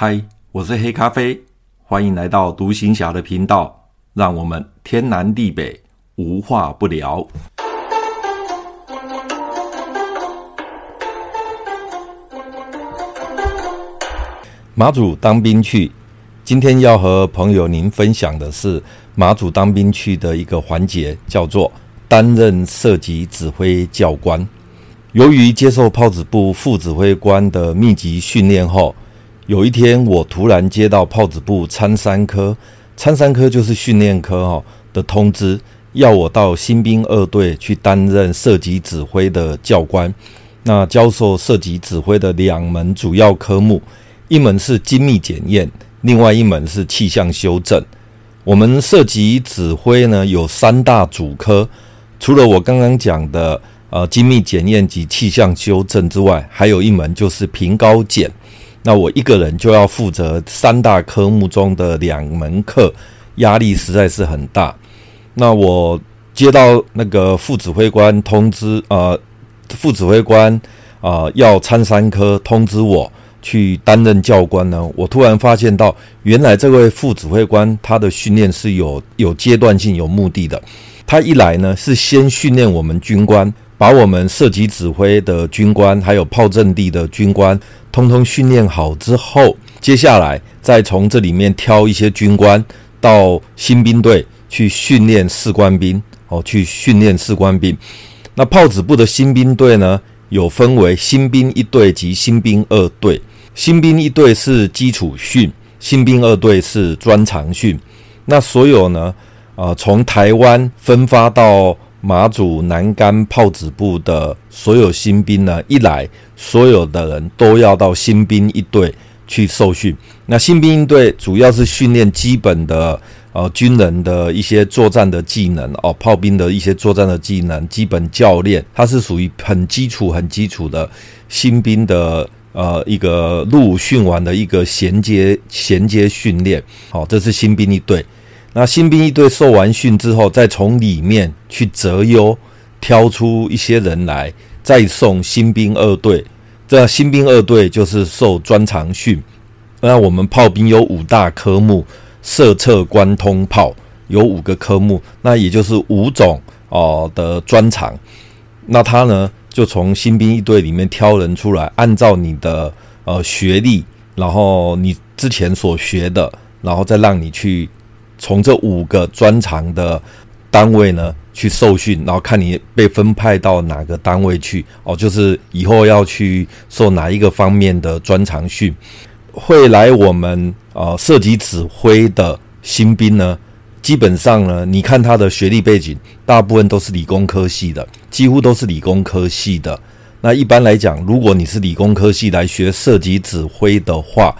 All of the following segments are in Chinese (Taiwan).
嗨，Hi, 我是黑咖啡，歡迎來到讀行俠的頻道，讓我們天南地北無話不聊。馬祖當兵趣，今天要和朋友您分享的是馬祖當兵趣的一個環節，叫做擔任射擊指揮教官。由於接受砲指部副指揮官的密集訓練後，有一天，我突然接到砲指部參三科，參三科就是訓練科哈的通知，要我到新兵二隊去擔任射擊指揮的教官，那教授射擊指揮的兩門主要科目，一門是精密檢驗，另外一門是氣象修正。我們射擊指揮呢有三大主科，除了我剛剛講的呃精密檢驗及氣象修正之外，還有一門就是平高檢。那我一個人就要負責三大科目中的兩門課，壓力實在是很大。那我接到那個副指揮官通知，啊、呃，副指揮官啊、呃，要參三科通知我去擔任教官呢。我突然發現到，原來這位副指揮官他的訓練是有有階段性、有目的的。他一來呢，是先訓練我們軍官。把我們射擊指揮的軍官，還有炮陣地的軍官，通通訓練好之後，接下來再從這裡面挑一些軍官到新兵隊去訓練士官兵，哦，去訓練士官兵。那砲指部的新兵隊呢，有分為新兵一隊及新兵二隊。新兵一隊是基礎訓，新兵二隊是專長訓。那所有呢，呃，從台灣分發到。馬祖南竿砲指部的所有新兵呢，一來所有的人都要到新兵一隊去受訓。那新兵一隊主要是訓練基本的呃軍人的一些作戰的技能哦，炮兵的一些作戰的技能，基本教練，它是屬於很基礎、很基礎的新兵的呃一個入伍訓完的一個銜接銜接訓練。哦，這是新兵一隊。那新兵一隊受完訓之後，再從裡面去擇優挑出一些人來，再送新兵二隊。這新兵二隊就是受專長訓。那我們炮兵有五大科目：射、測、觀、通、炮，有五個科目，那也就是五種哦、呃、的專長。那他呢，就從新兵一隊裡面挑人出來，按照你的呃學歷，然後你之前所學的，然後再讓你去。從這五個專長的單位呢，去受訓，然後看你被分派到哪個單位去哦，就是以後要去受哪一個方面的專長訓。會來我們呃，射擊指揮的新兵呢，基本上呢，你看他的學歷背景，大部分都是理工科系的，幾乎都是理工科系的。那一般來講，如果你是理工科系來學射擊指揮的話，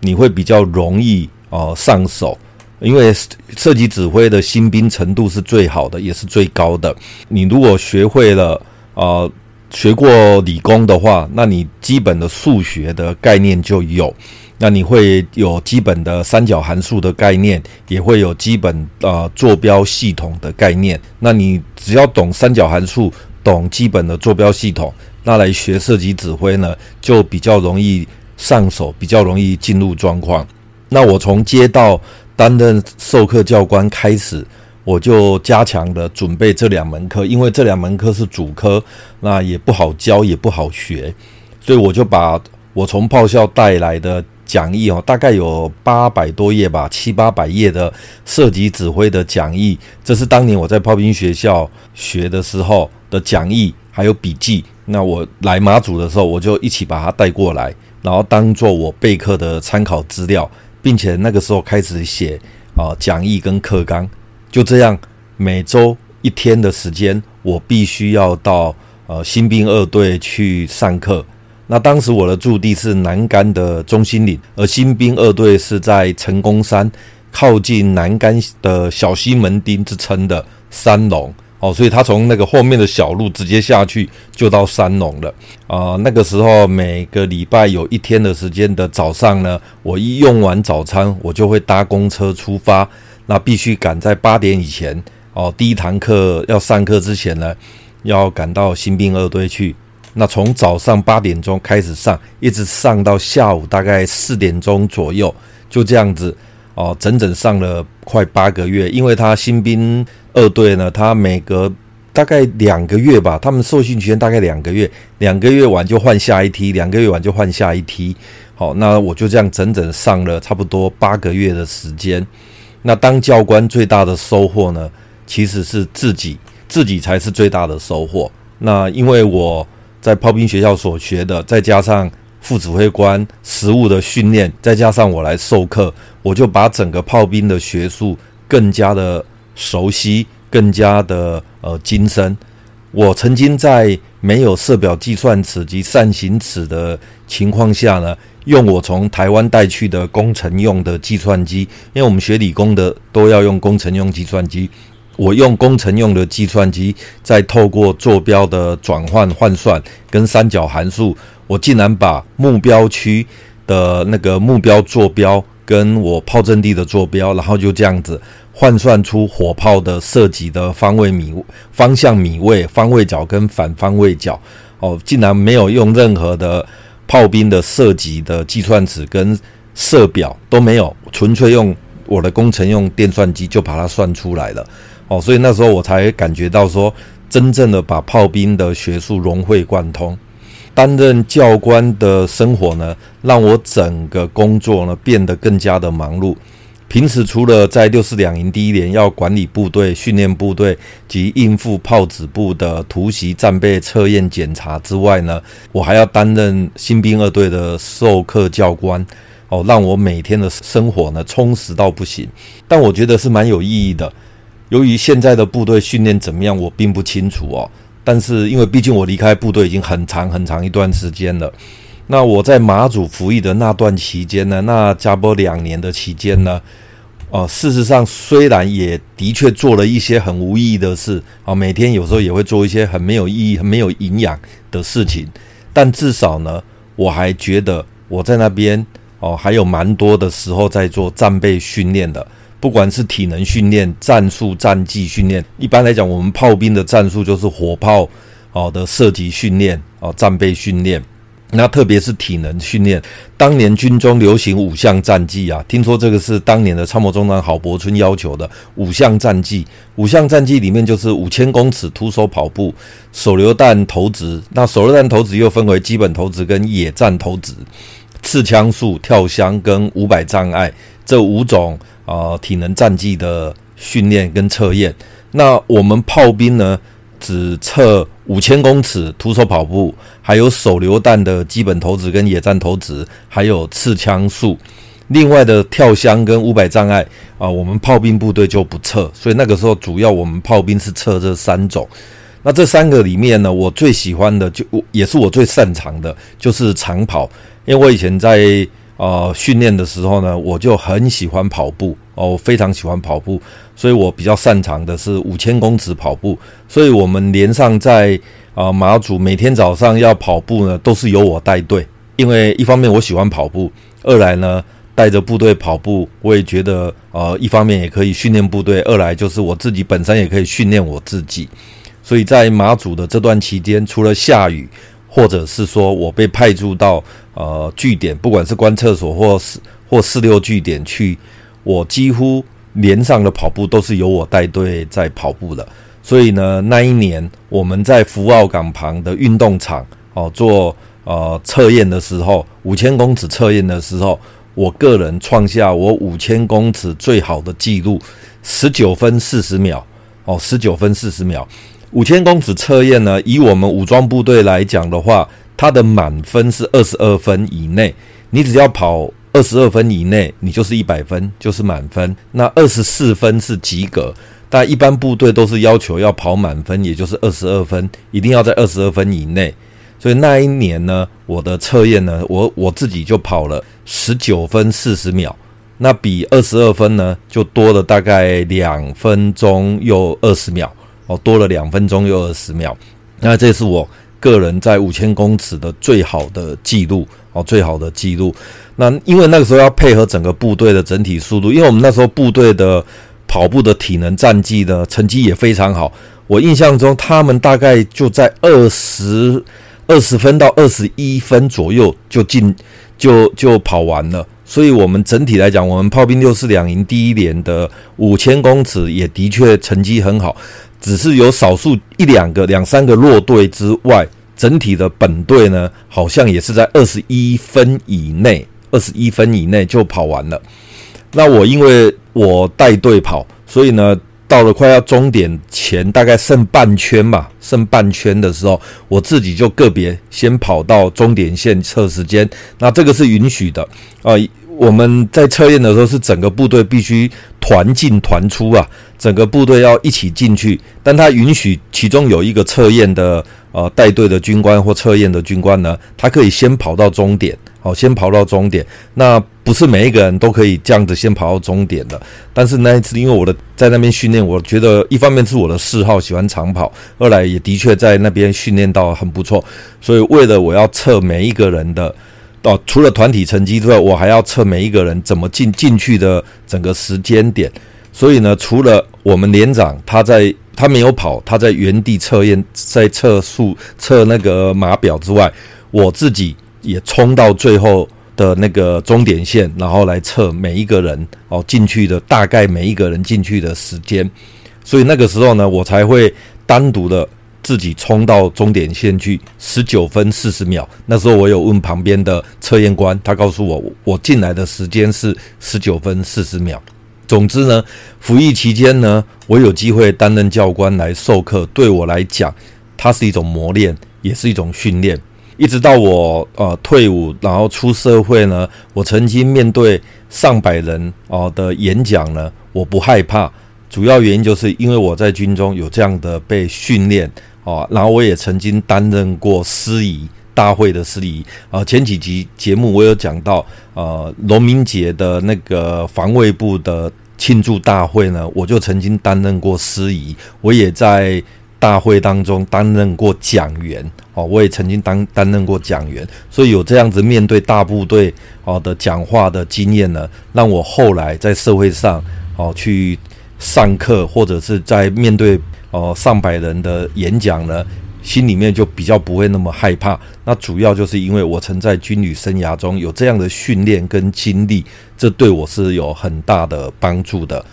你會比較容易哦、呃、上手。因為射擊指揮的新兵程度是最好的，也是最高的。你如果學會了，呃，學過理工的話，那你基本的數學的概念就有，那你會有基本的三角函數的概念，也會有基本啊、呃、坐標系統的概念。那你只要懂三角函數，懂基本的坐標系統，那來學射擊指揮呢，就比較容易上手，比較容易進入狀況。那我從接到擔任授課教官開始，我就加強的準備這兩門課，因為這兩門課是主科，那也不好教，也不好學，所以我就把我從炮校帶來的講義哦，大概有八百多頁吧，七八百頁的射擊指揮的講義，這是當年我在炮兵學校學的時候的講義還有筆記。那我來馬祖的時候，我就一起把它帶過來，然後當做我備課的參考資料。並且那個時候開始寫，啊、呃，講義跟課綱，就這樣，每周一天的時間，我必須要到呃新兵二隊去上課。那當時我的駐地是南竿的中心嶺，而新兵二隊是在成功山靠近南竿的小西門町之稱的山隴。哦，所以他從那個後面的小路直接下去就到山隴了。啊、呃。那個時候每個禮拜有一天的時間的早上呢，我一用完早餐，我就會搭公車出發，那必須趕在八點以前哦。第一堂課要上課之前呢，要趕到新兵二隊去。那從早上八點鐘開始上，一直上到下午大概四點鐘左右，就這樣子。哦，整整上了快八個月，因為他新兵二隊呢，他每隔大概兩個月吧，他們受訓期間大概兩個月，兩個月完就換下一梯，兩個月完就換下一梯。好，那我就這樣整整上了差不多八個月的時間。那當教官最大的收穫呢，其實是自己，自己才是最大的收穫。那因為我在炮兵學校所學的，再加上。副指揮官，實務的訓練，再加上我來授課，我就把整個炮兵的學術更加的熟悉，更加的呃精深。我曾經在沒有射表、計算尺及扇形尺的情況下呢，用我從台灣帶去的工程用的計算機，因為我們學理工的都要用工程用計算機。我用工程用的計算機，再透過坐標的轉換換算跟三角函數，我竟然把目標區的那個目標坐標跟我炮陣地的坐標，然後就這樣子換算出火炮的射擊的方位米方向米位方位角跟反方位角哦，竟然沒有用任何的炮兵的射擊的計算尺跟射表都沒有，純粹用我的工程用電算機就把它算出來了。哦，所以那時候我才感覺到說，真正的把炮兵的學術融會貫通。擔任教官的生活呢，讓我整個工作呢變得更加的忙碌。平時除了在六四兩營第一連要管理部隊、訓練部隊及應付砲指部的突襲戰備測驗檢查之外呢，我還要擔任新兵二隊的授課教官。哦，讓我每天的生活呢充實到不行，但我覺得是蠻有意義的。由於現在的部隊訓練怎麼樣，我並不清楚哦。但是，因為畢竟我離開部隊已經很長很長一段時間了。那我在馬祖服役的那段期間呢，那加播兩年的期間呢，哦、啊，事實上，雖然也的確做了一些很無意義的事啊，每天有時候也會做一些很沒有意義、很沒有營養的事情。但至少呢，我還覺得我在那邊哦、啊，還有蠻多的時候在做戰備訓練的。不管是體能訓練、戰術戰技訓練，一般來講，我們炮兵的戰術就是火炮哦的射擊訓練哦，戰備訓練。那特別是體能訓練，當年軍中流行五項戰技啊，聽說這個是當年的參謀中將郝柏村要求的五項戰技。五項戰技裡面就是五千公尺徒手跑步、手榴彈投擲。那手榴彈投擲又分為基本投擲跟野戰投擲。刺槍術、跳箱跟五百障礙。這五種啊、呃，體能戰技的訓練跟測驗。那我們炮兵呢，只測五千公尺徒手跑步，還有手榴彈的基本投擲跟野戰投擲，還有刺槍術。另外的跳箱跟五百障礙啊、呃，我們炮兵部隊就不測。所以那個時候，主要我們炮兵是測這三種。那這三個裡面呢，我最喜歡的就也是我最擅長的，就是長跑。因為我以前在。啊，訓練、呃、的時候呢，我就很喜歡跑步哦，呃、我非常喜歡跑步，所以我比較擅長的是五千公尺跑步。所以我們連上在啊、呃、馬祖每天早上要跑步呢，都是由我帶隊，因為一方面我喜歡跑步，二來呢帶着部隊跑步，我也覺得呃一方面也可以訓練部隊，二來就是我自己本身也可以訓練我自己。所以在馬祖的這段期間，除了下雨，或者是說我被派駐到。呃，據點不管是觀測所或，或是或四六據點去，我幾乎連上的跑步都是由我帶隊在跑步的，所以呢，那一年我們在福澳港旁的運動場哦、呃、做呃測驗的時候，五千公尺測驗的時候，我個人創下我五千公尺最好的記錄，十九分四十秒哦，十九分四十秒。五千公尺測驗呢，以我們武裝部隊來講的話。它的滿分是二十二分以內，你只要跑二十二分以內，你就是一百分，就是滿分。那二十四分是及格，但一般部隊都是要求要跑滿分，也就是二十二分，一定要在二十二分以內。所以那一年呢，我的測驗呢，我我自己就跑了十九分四十秒，那比二十二分呢就多了大概兩分鐘又二十秒，哦，多了兩分鐘又二十秒。那這是我。個人在五千公尺的最好的記錄哦，最好的記錄。那因為那個時候要配合整個部隊的整體速度，因為我們那時候部隊的跑步的體能戰技呢，成績也非常好。我印象中他們大概就在二十二十分到二十一分左右就進就就跑完了。所以，我們整體來講，我們炮兵六四兩營第一連的五千公尺也的確成績很好，只是有少數一兩個兩三個落隊之外。整體的本隊呢，好像也是在二十一分以內，二十一分以內就跑完了。那我因為我帶隊跑，所以呢，到了快要終點前，大概剩半圈吧，剩半圈的時候，我自己就個別先跑到終點線測時間。那這個是允許的，啊、呃。我們在測驗的時候是整個部隊必須團進團出啊，整個部隊要一起進去。但他允許其中有一個測驗的呃帶隊的軍官或測驗的軍官呢，他可以先跑到終點，好，先跑到終點。那不是每一個人都可以這樣子先跑到終點的。但是那一次，因為我的在那邊訓練，我覺得一方面是我的嗜好喜歡長跑，二來也的確在那邊訓練到很不錯，所以為了我要測每一個人的。哦，除了團體成績之外，我還要測每一個人怎麼進進去的整個時間點。所以呢，除了我們連長他在他沒有跑，他在原地測驗，在測速測那個碼表之外，我自己也衝到最後的那個終點線，然後來測每一個人哦進去的，大概每一個人進去的時間。所以那個時候呢，我才會單獨的。自己衝到終點線去，十九分四十秒。那時候我有問旁邊的測驗官，他告訴我，我進來的時間是十九分四十秒。總之呢，服役期間呢，我有機會擔任教官來授課，對我來講，它是一種磨練，也是一種訓練。一直到我呃退伍，然後出社會呢，我曾經面對上百人啊、呃、的演講呢，我不害怕。主要原因就是因為我在軍中有這樣的被訓練。哦，然後我也曾經擔任過司儀大會的司儀啊。前幾集節目我有講到，呃，農民節的那個防衛部的慶祝大會呢，我就曾經擔任過司儀。我也在大會當中擔任過講員，哦，我也曾經擔、擔任過講員，所以有這樣子面對大部隊哦的講話的經驗呢，讓我後來在社會上哦去上課，或者是在面對。呃、哦，上百人的演講呢，心裡面就比較不會那麼害怕。那主要就是因為我曾在軍旅生涯中有這樣的訓練跟經歷，這對我是有很大的幫助的。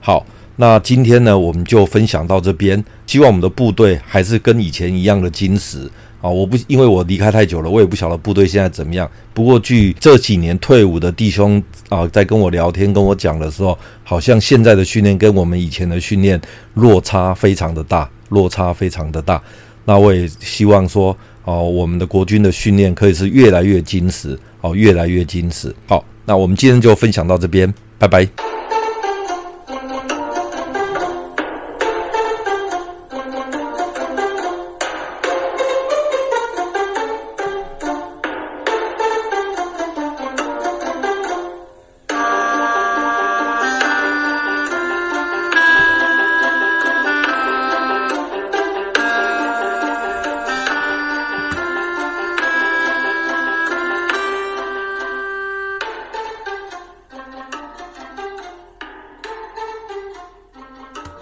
好，那今天呢，我們就分享到這邊。希望我們的部隊還是跟以前一樣的精實。啊，我不，因為我離開太久了，我也不曉得部隊現在怎麼樣。不過據這幾年退伍的弟兄啊，在跟我聊天，跟我講的時候，好像現在的訓練跟我們以前的訓練落差非常的大，落差非常的大。那我也希望說，哦、啊，我們的國軍的訓練可以是越來越精實，哦、啊，越來越精實。好，那我們今天就分享到這邊，拜拜。